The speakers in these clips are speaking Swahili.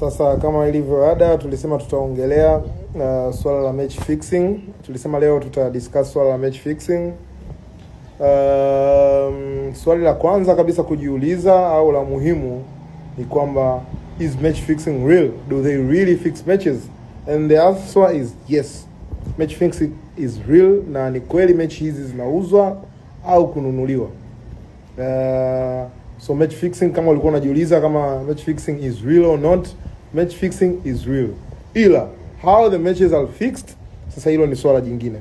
Sasa kama ilivyo ada, tulisema tutaongelea uh, swala la match fixing. Tulisema leo tuta discuss swala la match fixing. Um, swali la kwanza kabisa kujiuliza au la muhimu ni kwamba is match fixing real? Do they really fix matches? And the answer is yes. Match fixing is real, na ni kweli mechi hizi zinauzwa au kununuliwa. Uh, So match fixing, kama ulikuwa unajiuliza kama match fixing is real or not, match fixing is real, ila how the matches are fixed, sasa hilo ni swala jingine.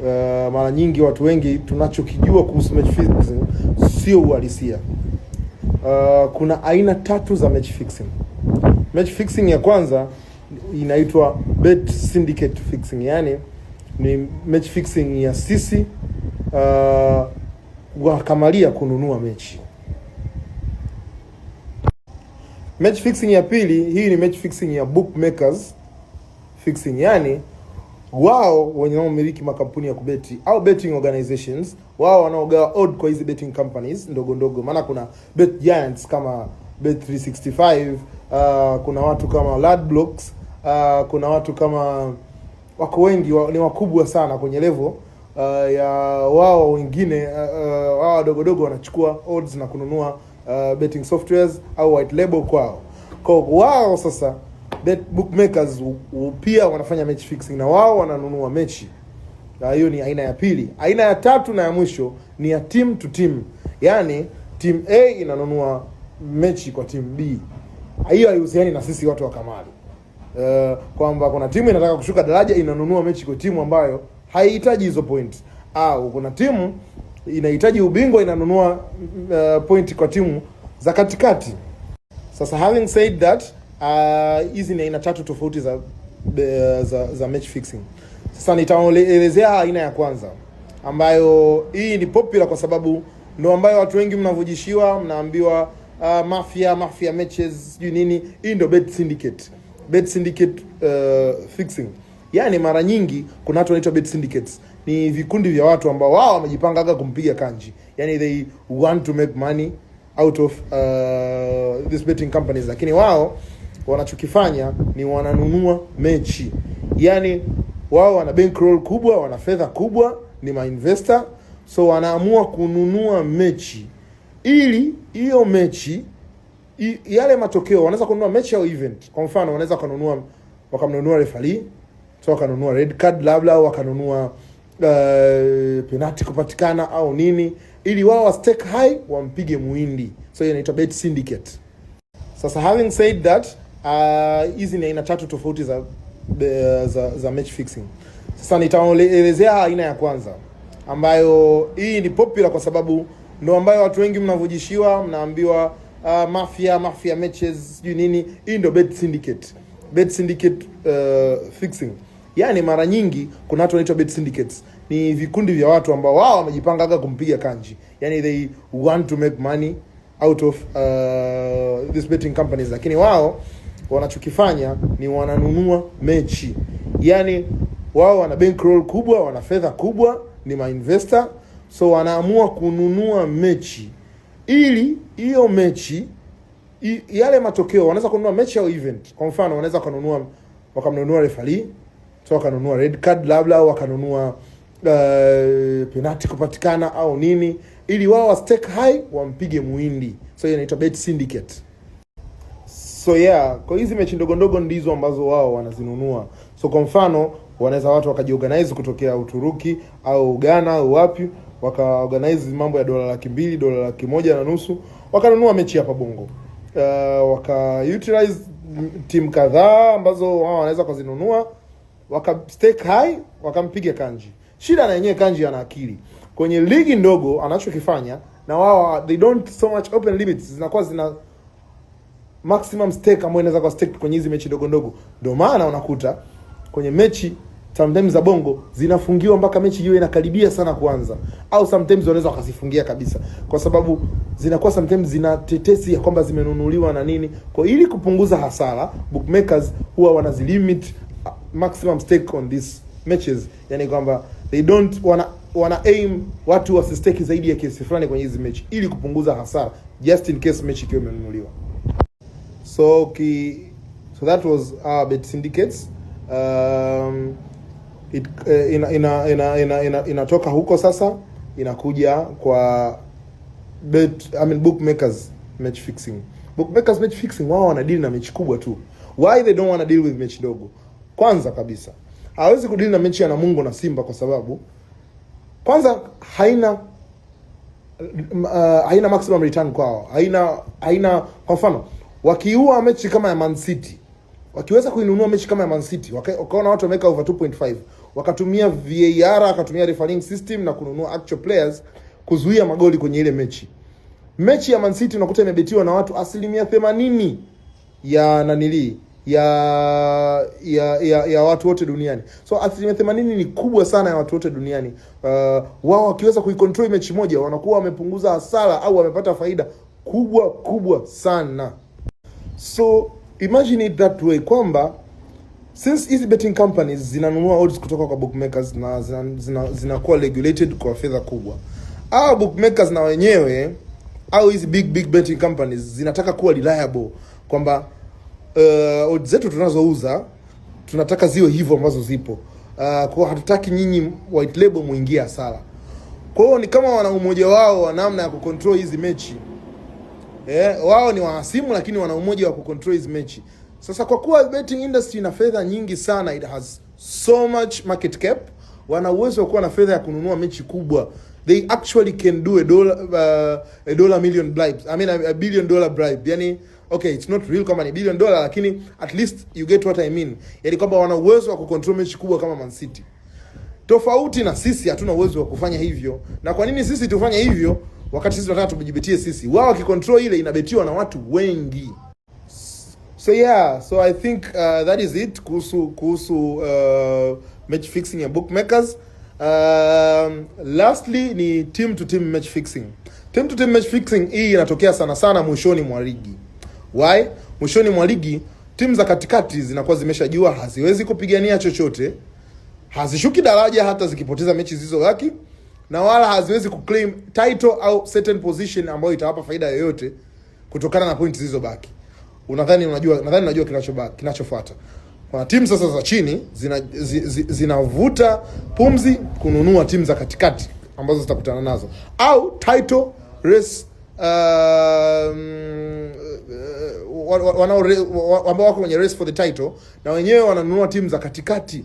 Uh, mara nyingi watu wengi tunachokijua kuhusu match fixing sio uhalisia. Uh, kuna aina tatu za match fixing. Match fixing ya kwanza inaitwa bet syndicate fixing, yani ni match fixing ya sisi uh, wakamalia kununua mechi Match fixing ya pili, hii ni match fixing ya bookmakers fixing, yani wao wenye wanaomiliki makampuni ya kubeti au betting organizations, wao wanaogawa odd kwa hizi betting companies ndogo ndogo, maana kuna bet giants kama Bet365, uh, kuna watu kama Ladbrokes, uh, kuna watu kama wako wengi wa, ni wakubwa sana kwenye level uh, ya wao wengine uh, uh, wao wadogodogo wanachukua odds na kununua uh, betting softwares au white label kwao. Kwa wao sasa bet bookmakers pia wanafanya match fixing na wao wananunua mechi. Hiyo ni aina ya pili. Aina ya tatu na ya mwisho ni ya team to team, yaani team A inanunua mechi kwa team B. Hiyo haihusiani na sisi watu wa kamali uh, kwamba kuna timu inataka kushuka daraja inanunua mechi kwa timu ambayo haihitaji hizo point, au kuna timu inahitaji ubingwa inanunua uh, pointi kwa timu za katikati. Sasa having said that, uh, hizi uh, ni aina tatu tofauti za, uh, za za match fixing. Sasa nitaelezea aina ya kwanza ambayo hii ni popular kwa sababu ndo ambayo watu wengi mnavujishiwa, mnaambiwa uh, mafia mafia matches sijui nini. Hii ndo bet syndicate, bet syndicate uh, fixing. Yani mara nyingi kuna watu wanaitwa bet syndicates ni vikundi vya watu ambao wao wamejipangaga kumpiga Kanji, yani they want to make money out of uh, these betting companies, lakini wao wanachokifanya ni wananunua mechi, yani wao wana bankroll kubwa, wana fedha kubwa, ni mainvestor, so wanaamua kununua mechi ili hiyo mechi i, yale matokeo, wanaweza kununua mechi au event. Kwa mfano, wanaweza kununua wakamnunua refali so wakanunua red card labda, au wakanunua uh, eh, penati kupatikana au nini, ili wao wa stake high wampige muindi. So hiyo inaitwa bet syndicate. Sasa having said that, ah, hizi uh, ni aina tatu tofauti za, eh, za, za match fixing. Sasa nitaelezea aina ya kwanza ambayo hii ni popular kwa sababu ndo ambayo watu wengi mnavujishiwa, mnaambiwa uh, mafia mafia matches sijui nini. Hii ndo bet syndicate, bet syndicate uh, fixing Yaani mara nyingi kuna watu wanaitwa bet syndicates. Ni vikundi vya watu ambao wao wamejipangaga kumpiga Kanji. Yaani they want to make money out of uh, this betting companies, lakini wao wanachokifanya ni wananunua mechi. Yaani wao wana bankroll kubwa, wana fedha kubwa, ni mainvestor, so wanaamua kununua mechi ili hiyo mechi i, yale matokeo wanaweza kununua mechi au event. Kwa mfano wanaweza kununua wakamnunua refarii so wakanunua red card labda au wakanunua uh, eh, penati kupatikana au nini, ili wao wa stake high wampige muindi. So hiyo inaitwa bet syndicate. So yeah, kwa hizi mechi ndogo ndogo ndizo ambazo wao wanazinunua. So kwa mfano wanaweza watu wakajiorganize kutokea Uturuki au Ghana au wapi, wakaorganize mambo ya dola laki mbili, dola laki moja na nusu, wakanunua mechi hapa Bongo. Uh, waka utilize kadhaa ambazo wao wanaweza kuzinunua waka stake high wakampiga Kanji. Shida na yenyewe Kanji ana akili kwenye ligi ndogo, anachokifanya na wao they don't so much open limits, zinakuwa zina maximum stake ambayo inaweza kuwa stake kwenye hizi mechi ndogo ndogo. Ndio maana unakuta kwenye mechi sometimes za bongo zinafungiwa mpaka mechi hiyo inakaribia sana kuanza, au sometimes wanaweza wakazifungia kabisa, kwa sababu zinakuwa sometimes zina tetesi ya kwamba zimenunuliwa na nini. Kwa ili kupunguza hasara, bookmakers huwa wanazilimit maximum stake on these matches, yani kwamba they don't wana wana aim watu wasisteki zaidi ya kiasi fulani kwenye hizi mechi ili kupunguza hasara, just in case mechi ikiwa imenunuliwa. So ki so that was our uh, bet syndicates um, it uh, ina ina ina ina ina inatoka huko sasa inakuja kwa bet I mean bookmakers match fixing. Bookmakers match fixing wao wana deal na mechi kubwa tu. Why they don't want to deal with mechi ndogo? Kwanza kabisa hawezi kudili na mechi ya Namungo na Simba kwa sababu kwanza haina uh, haina maximum return kwao, haina haina. Kwa mfano wakiua mechi kama ya Man City, wakiweza kuinunua mechi kama ya Man City, wakaona watu wameka over 2.5, wakatumia VAR, akatumia refereeing system na kununua actual players kuzuia magoli kwenye ile mechi. Mechi ya Man City unakuta imebetiwa na watu asilimia themanini ya nanilii ya ya ya, ya watu wote duniani. So asilimia themanini ni kubwa sana ya watu wote duniani. Uh, wao wakiweza kuikontrol mechi moja wanakuwa wamepunguza hasara au wamepata faida kubwa kubwa sana. So imagine it that way kwamba since hizi betting companies zinanunua odds kutoka kwa bookmakers na zinakuwa zina, zina regulated kwa fedha kubwa, au bookmakers na wenyewe au hizi big big betting companies zinataka kuwa reliable kwamba uh, odds zetu tunazouza tunataka ziwe hivyo ambazo zipo. Uh, kwa hatutaki nyinyi white label muingie hasara. Kwa hiyo ni kama wana umoja wao wa namna ya kucontrol hizi mechi. Eh, wao ni wahasimu lakini wana umoja wa kucontrol hizi mechi. Sasa kwa kuwa betting industry ina fedha nyingi sana, it has so much market cap, wana uwezo wa kuwa na fedha ya kununua mechi kubwa. They actually can do a dollar, uh, a dollar million bribes. I mean a, billion dollar bribe. Yani, okay, it's not real kama ni billion dollar, lakini at least you get what I mean, yani kwamba wana uwezo wa kucontrol mechi kubwa kama Man City, tofauti na sisi hatuna uwezo wa kufanya hivyo. Na kwa nini sisi tufanye hivyo wakati sisi tunataka tujibetie sisi? Wao wakicontrol ile inabetiwa na watu wengi. So yeah, so I think uh, that is it kuhusu kuhusu uh, match fixing ya bookmakers. Um, lastly ni team to team match fixing. Team to team match fixing hii inatokea sana sana mwishoni mwa ligi. Why? Mwishoni mwa ligi timu za katikati zinakuwa zimeshajua haziwezi kupigania chochote, hazishuki daraja hata zikipoteza mechi zilizobaki, na wala haziwezi kuclaim title au certain position ambayo itawapa faida yoyote kutokana na pointi zilizobaki. Unadhani unajua, nadhani unajua kinachobaki, kinachofuata. Kuna timu sasa za chini zina, zi, zi, zinavuta pumzi kununua timu za katikati ambazo zitakutana nazo au title race uh, wanao ambao wako kwenye race for the title na wenyewe wananunua timu za katikati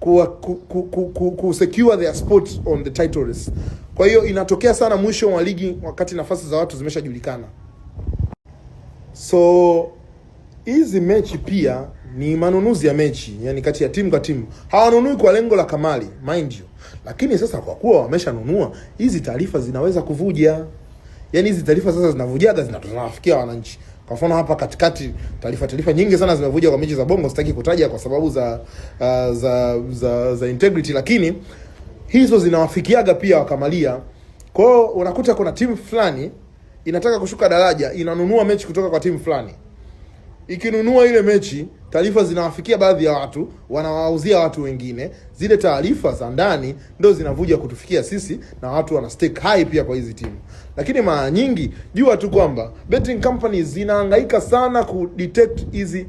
ku, ku, ku, ku, ku secure their spot on the title race. Kwa hiyo inatokea sana mwisho wa ligi wakati nafasi za watu zimeshajulikana. So hizi mechi pia ni manunuzi ya mechi, yani kati ya timu kwa timu. Hawanunui kwa lengo la kamali, mind you. Lakini sasa kwa kuwa wameshanunua, hizi taarifa zinaweza kuvuja. Yaani hizi taarifa sasa zinavujaga, zinafikia wananchi. Kwa mfano hapa katikati taarifa taarifa nyingi sana zimevuja kwa mechi za Bongo, sitaki kutaja kwa sababu za uh, za, za za integrity, lakini hizo zinawafikiaga pia wakamalia. Kwa hiyo unakuta kuna timu fulani inataka kushuka daraja, inanunua mechi kutoka kwa timu fulani. Ikinunua ile mechi, taarifa zinawafikia baadhi ya watu, wanawauzia watu wengine. Zile taarifa za ndani ndio zinavuja kutufikia sisi, na watu wana stake high pia kwa hizi timu lakini mara nyingi jua tu kwamba betting companies zinahangaika sana ku detect hizi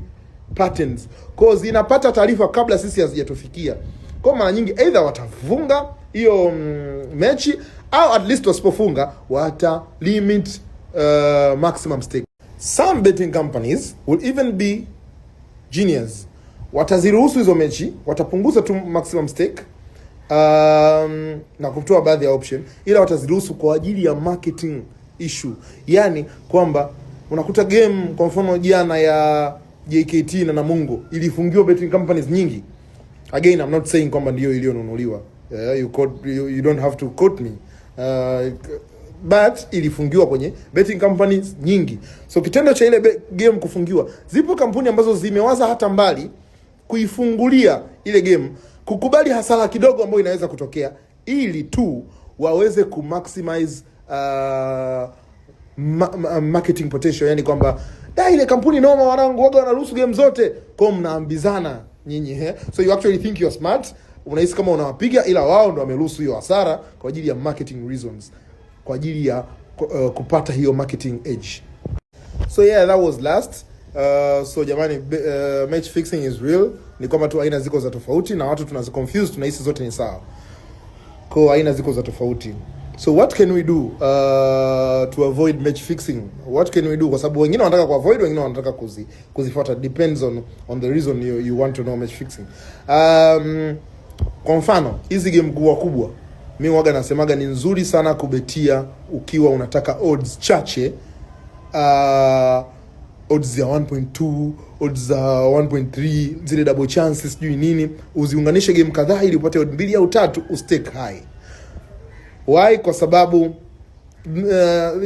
patterns, kwa zinapata taarifa kabla sisi hazijatufikia. Kwa mara nyingi either watafunga hiyo mm, mechi au at least wasipofunga wata limit uh, maximum stake. Some betting companies will even be genius, wataziruhusu hizo mechi, watapunguza tu maximum stake um, na kutoa baadhi ya option, ila wataziruhusu kwa ajili ya marketing issue, yani kwamba unakuta game kwa mfano jana ya JKT na Namungo ilifungiwa betting companies nyingi. Again, I'm not saying kwamba ndio iliyonunuliwa. Uh, you, quote, you, you don't have to quote me uh, but ilifungiwa kwenye betting companies nyingi. So kitendo cha ile game kufungiwa, zipo kampuni ambazo zimewaza hata mbali kuifungulia ile game kukubali hasara kidogo ambayo inaweza kutokea ili tu waweze ku maximize uh, ma ma marketing potential, yani kwamba da ile kampuni noma, wanangu waga wanaruhusu game zote kwao, mnaambizana nyinyi eh, so you actually think you're smart, unahisi kama unawapiga, ila wao ndo wameruhusu hiyo hasara kwa ajili ya marketing reasons, kwa ajili ya uh, kupata hiyo marketing edge. So yeah that was last uh, so jamani uh, match fixing is real ni kwamba tu aina ziko za tofauti na watu tunazi confuse, tunahisi zote ni sawa. Kwa aina ziko za tofauti. So what can we do uh, to avoid match fixing? What can we do? Kwa sababu wengine wanataka ku avoid, wengine wanataka kuzi kuzifuata, depends on on the reason you, you want to know match fixing. Um, kwa mfano hizi game kubwa kubwa mimi waga nasemaga ni nzuri sana kubetia ukiwa unataka odds chache uh, odds ya 1.2, odds za 1.3, zile double chances sijui nini, uziunganishe game kadhaa ili upate odds mbili au tatu, ustake high. Why? Kwa sababu uh,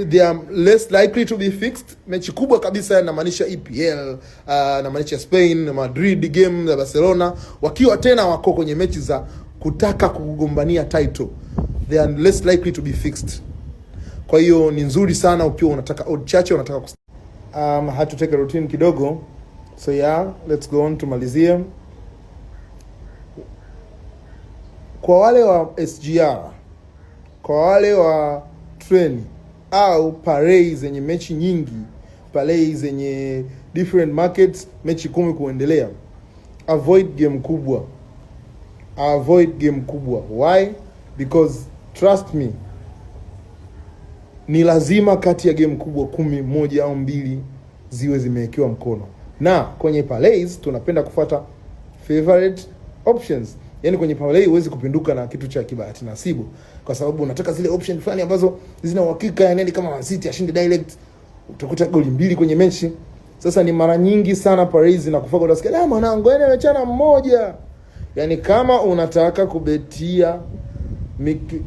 they are less likely to be fixed. Mechi kubwa kabisa namaanisha EPL, uh, namaanisha Spain, Madrid game za Barcelona, wakiwa tena wako kwenye mechi za kutaka kugombania title, they are less likely to be fixed. Kwa hiyo ni nzuri sana ukiwa unataka odd chache, unataka um, had to take a routine kidogo, so yeah, let's go on, tumalizie kwa wale wa SGR, kwa wale wa treni au parei zenye mechi nyingi, parei zenye different markets, mechi kumi kuendelea, avoid game kubwa, avoid game kubwa. Why? Because trust me ni lazima kati ya game kubwa kumi moja au mbili ziwe zimewekewa mkono, na kwenye parlays tunapenda kufuata favorite options. Yani kwenye parlay huwezi kupinduka na kitu cha kibahati nasibu, kwa sababu unataka zile option fulani ambazo zina uhakika. Yani kama Man City ashinde direct, utakuta goli mbili kwenye mechi. Sasa ni mara nyingi sana parlay zinakufaga, utasikia ah, da, mwanangu, yani amechana mmoja. Yani kama unataka kubetia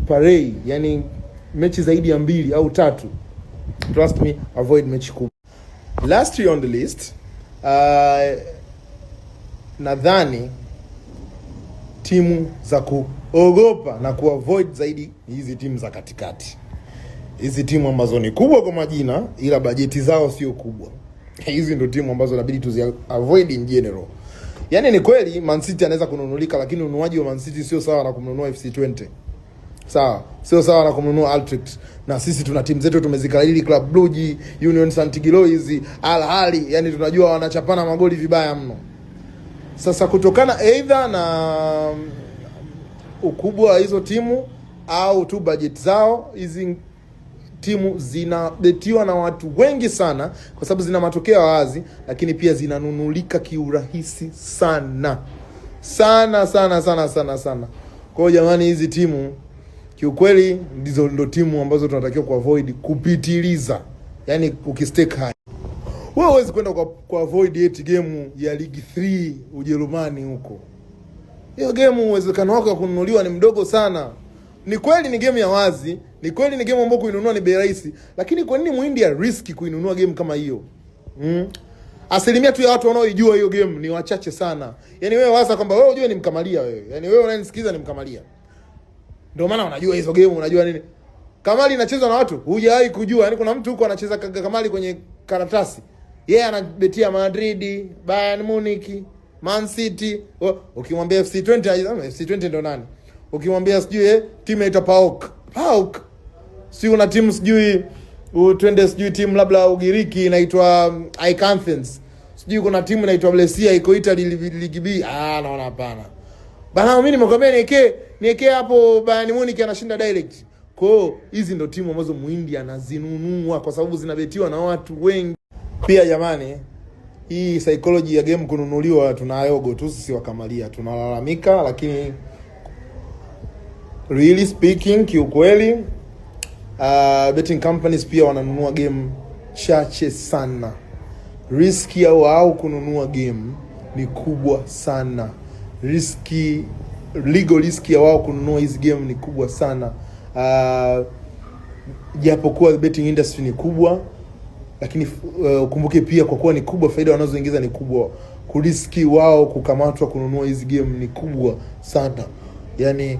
parlay, yani mechi zaidi ya mbili au tatu. Trust me, avoid mechi kubwa. Lastly on the list uh, nadhani timu za kuogopa na kuavoid zaidi ni hizi timu za katikati, hizi timu ambazo ni kubwa kwa majina ila bajeti zao sio kubwa. Hizi ndio timu ambazo inabidi tuzi avoid in general. Yaani ni kweli Man City anaweza kununulika, lakini ununuaji wa Man City sio sawa na kumnunua FC 20 sawa, sio sawa na kumnunua Altrix. Na sisi tuna timu zetu tumezikalili Club Brugge, Union Saint Gilloise, Al Ahly, yani tunajua wanachapana magoli vibaya mno. Sasa kutokana either na um, ukubwa wa hizo timu au tu budget zao, hizi timu zinabetiwa na watu wengi sana, kwa sababu zina matokeo wazi, lakini pia zinanunulika kiurahisi sana sana sana sana sana sana. Kwa hiyo jamani, hizi timu kiukweli ndizo ndo timu ambazo tunatakiwa kuavoid kupitiliza, yani ukistake high. Wewe huwezi kwenda kuavoid eti game ya ligi 3 Ujerumani huko, hiyo game uwezekano wako wa kununuliwa ni mdogo sana. Ni kweli ni game ya wazi, ni kweli ni game ambayo kuinunua ni bei rahisi, lakini kwa nini muhindi ya riski kuinunua game kama hiyo mm? Asilimia tu ya watu wanaoijua hiyo game ni wachache sana. Yani wewe waza kwamba wewe unajua ni mkamalia wewe, yani wewe unanisikiza ni mkamalia ndio maana unajua hizo game, unajua nini kamali inachezwa na watu hujawahi kujua. Yani kuna mtu huko anacheza kamali kwenye karatasi, yeye yeah, anabetia Madrid, Bayern Munich, Man City. Ukimwambia FC 20 FC 20 ndo nani? Ukimwambia sijui eh, timu inaitwa PAOK, PAOK si una timu sijui twende sijui timu labda Ugiriki inaitwa Aikansens, um, sijui kuna timu inaitwa Brescia iko Italy ligi B. Ah, naona hapana bana, mimi nimekwambia niwekee Niwekee hapo Bayern Munich anashinda direct. Kwa hiyo hizi ndo timu ambazo muindi anazinunua kwa sababu zinabetiwa na watu wengi. Pia jamani, hii psychology ya game kununuliwa tunayogo tu sisi wakamalia, tunalalamika lakini really speaking, kiukweli uh, betting companies pia wananunua game chache sana. Riski ya wao kununua game ni kubwa sana riski legal risk ya wao kununua hizi game ni kubwa sana, ah, japokuwa uh, betting industry ni kubwa, lakini eh, ukumbuke uh, pia kwa kuwa ni kubwa, faida wanazoingiza ni kubwa, kuriski wao kukamatwa kununua hizi game ni kubwa sana. Yani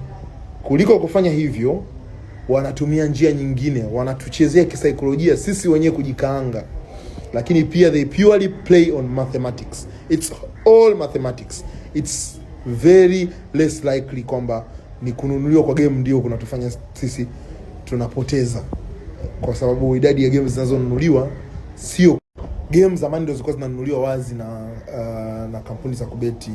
kuliko kufanya hivyo, wanatumia njia nyingine, wanatuchezea kisaikolojia sisi wenyewe kujikaanga, lakini pia they purely play on mathematics, it's all mathematics, it's very less likely kwamba ni kununuliwa kwa game ndio kunatufanya sisi tunapoteza, kwa sababu idadi ya game zinazonunuliwa sio game. Zamani ndio zilikuwa zinanunuliwa wazi na uh, na kampuni za kubeti.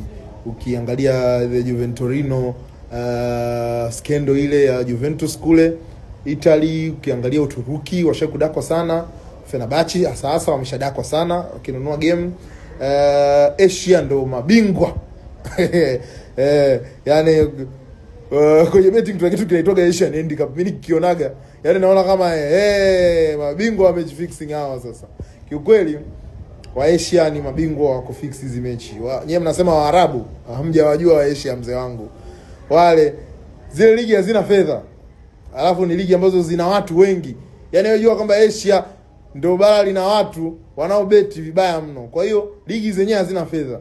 Ukiangalia the Juventorino uh, skendo ile ya Juventus kule Italy, ukiangalia Uturuki washakudakwa sana, Fenerbahce hasa wameshadakwa sana wakinunua game. Uh, Asia ndo mabingwa Eh, eh, yani eh, kwenye betting tuna kitu kinaitwa Asian handicap. Mimi nikionaga yani naona kama eh, mabingwa wamejifixing hawa sasa. Kiukweli wa Asia ni mabingwa wa kufix hizi mechi. Nyewe mnasema wa Arabu, hamjawajua wa Asia, mzee wangu. Wale zile ligi hazina fedha. Alafu ni ligi ambazo zina watu wengi. Yaani unajua kwamba Asia ndio bara lina watu wanaobeti vibaya mno. Kwa hiyo ligi zenyewe hazina fedha.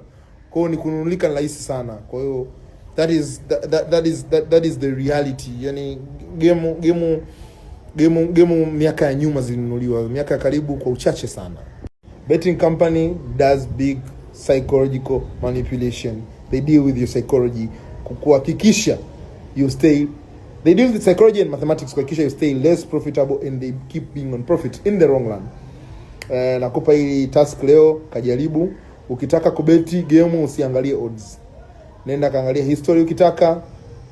Kwa hiyo ni kununulika rahisi sana. Kwa hiyo that is that, that that is that, that is the reality. yani game game game game miaka ya nyuma zilinunuliwa, miaka ya karibu kwa uchache sana. Betting company does big psychological manipulation. They deal with your psychology kukuhakikisha you stay They deal with psychology and mathematics kuhakikisha you stay less profitable and they keep being on profit in the wrong run. uh, nakupa hii task leo, kajaribu. Ukitaka kubeti game usiangalie odds, nenda kaangalia history, ukitaka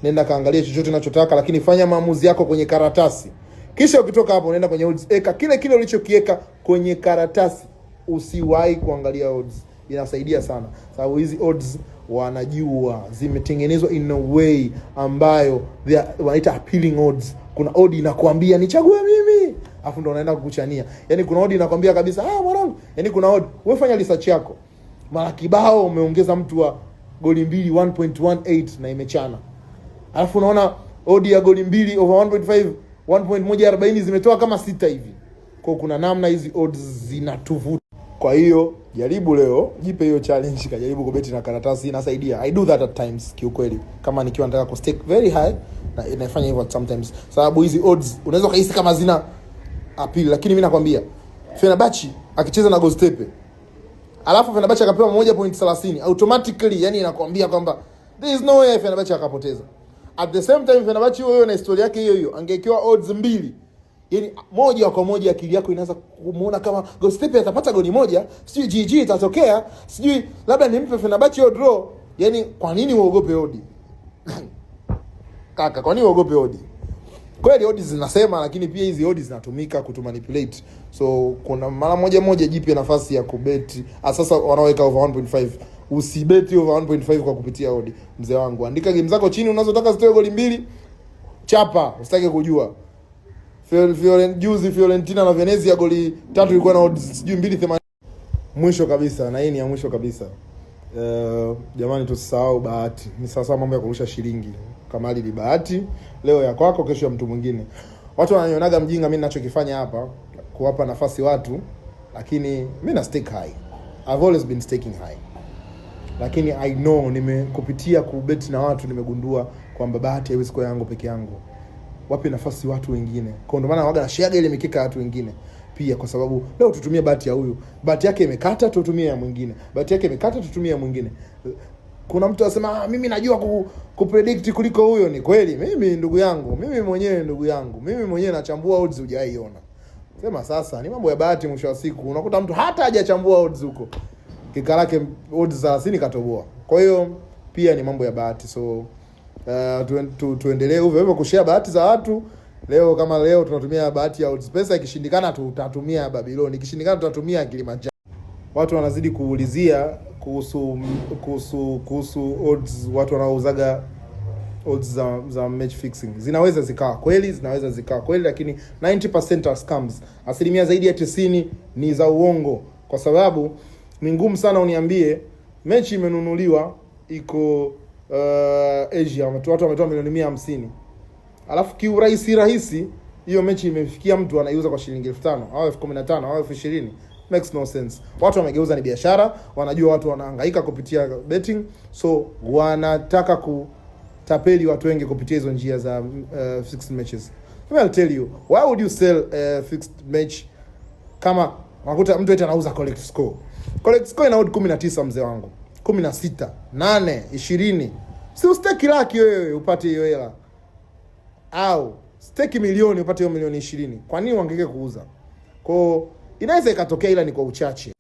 nenda kaangalia chochote unachotaka, lakini fanya maamuzi yako kwenye karatasi. Kisha ukitoka hapo, unaenda kwenye odds, eka kile kile ulichokiweka kwenye karatasi, usiwahi kuangalia odds. Inasaidia sana sababu hizi odds wanajua zimetengenezwa in a way ambayo they wanaita appealing odds. Kuna odd inakuambia nichague mimi, afu ndo unaenda kukuchania. Yani kuna odd inakuambia kabisa, ah mwanangu, yani kuna odd, wewe fanya research yako mara kibao umeongeza mtu wa goli mbili 1.18 na imechana, alafu unaona odi ya goli mbili over 1.5 1.140 zimetoa kama sita hivi. Kwa kuna namna hizi odds zinatuvuta. Kwa hiyo jaribu leo, jipe hiyo challenge, kajaribu kubeti na karatasi, inasaidia. I do that at times kiukweli, kama nikiwa nataka ku stake very high na inafanya hivyo sometimes, sababu hizi odds unaweza kuhisi kama zina appeal, lakini mimi nakwambia Fenerbahce akicheza na Gostepe alafu Fenerbahce akapewa moja point thelathini automatically, yani inakwambia kwamba there is no way Fenerbahce akapoteza. At the same time Fenerbahce huyo na historia yake hiyo hiyo angekiwa odds mbili, yani moja kwa moja, akili yako inaanza kumuona kama Gostepe atapata goli moja, sijui GG itatokea, sijui labda nimpe Fenerbahce hiyo draw. Yani kwa nini uogope odi? Kaka, kwa nini uogope odi? Kweli odds zinasema, lakini pia hizi odds zinatumika kutumanipulate. So kuna mara moja moja jipe nafasi ya kubeti. Ah, sasa wanaoweka over 1.5 usibeti over 1.5 kwa kupitia odds. Mzee wangu, andika game zako chini unazotaka zitoe goli mbili, chapa, usitake kujua. Fiorent, juzi Fiorentina na Venezia goli tatu ilikuwa na odds sijui 2.80. Mwisho kabisa na hii ni ya mwisho kabisa. Uh, jamani tusisahau bahati. Ni sasa mambo ya kurusha shilingi kamali ni bahati, leo ya kwako, kesho ya mtu mwingine. Watu wananionaga mjinga mimi ninachokifanya hapa, kuwapa nafasi watu, lakini mimi na stake high. I've always been staking high, lakini I know nimekupitia kubeti na watu, nimegundua kwamba bahati haiwezi kuwa yangu peke yangu. Wape nafasi watu wengine, kwa ndo maana waga nashiaga ile mikeka ya watu wengine pia kwa sababu leo tutumie bahati ya huyu, bahati yake imekata, tutumie ya mwingine, bahati yake imekata, tutumie ya mwingine. Kuna mtu anasema ah, mimi najua ku, kupredict kuliko huyo. Ni kweli, mimi ndugu yangu, mimi mwenyewe ndugu yangu, mimi mwenyewe nachambua odds, hujaiona sema. Sasa ni mambo ya bahati, mwisho wa siku unakuta mtu hata hajachambua odds huko kikarake lake odds 30 katoboa. Kwa hiyo pia ni mambo ya bahati, so uh, eh, tu, tu, tuendelee hivyo hivyo kushare bahati za watu. Leo kama leo tunatumia bahati ya Odds-Pesa, ikishindikana tutatumia Babiloni, ikishindikana tutatumia Kilimanjaro. Watu wanazidi kuulizia kuhusu kuhusu kuhusu odds, watu wanaouzaga odds za, za match fixing zinaweza zikawa kweli, zinaweza zikawa kweli, lakini 90% are scams. Asilimia zaidi ya 90 ni za uongo, kwa sababu ni ngumu sana uniambie mechi imenunuliwa iko uh, Asia, watu wametoa milioni mia hamsini alafu kiurahisi rahisi hiyo mechi imefikia mtu anaiuza kwa shilingi elfu tano au elfu kumi na tano au elfu ishirini makes no sense. Watu wamegeuza ni biashara, wanajua watu wanahangaika kupitia betting, so wanataka kutapeli watu wengi kupitia hizo njia za uh, fixed matches. I'll tell you why would you sell a uh, fixed match kama unakuta mtu eti anauza collect score. Collect score ina odd 19 mzee wangu. 16, 8, 20. Si usteki laki wewe upate hiyo hela. Au steki milioni upate hiyo milioni 20. Kwa nini wangeke kuuza? Kwa inaweza ikatokea, ila ni kwa uchache.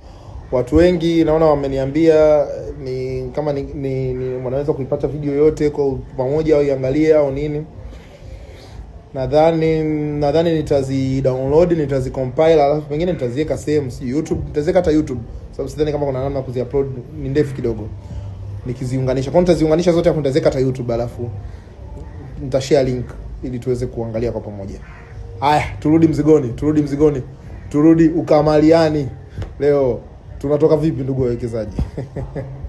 Watu wengi naona wameniambia eh, ni kama ni, ni, ni wanaweza kuipata video yote kwa pamoja au iangalie au nini. Nadhani nadhani nitazi download nitazi compile, alafu pengine nitaziweka sehemu, si YouTube, nitaziweka hata YouTube sababu sidhani kama kuna namna kuzi upload, ni ndefu kidogo nikiziunganisha. Kwa nitaziunganisha zote hapo, nitaziweka hata YouTube, alafu nitashare link ili tuweze kuangalia kwa pamoja. Haya, turudi mzigoni, turudi mzigoni turudi ukamaliani. Leo tunatoka vipi, ndugu wawekezaji?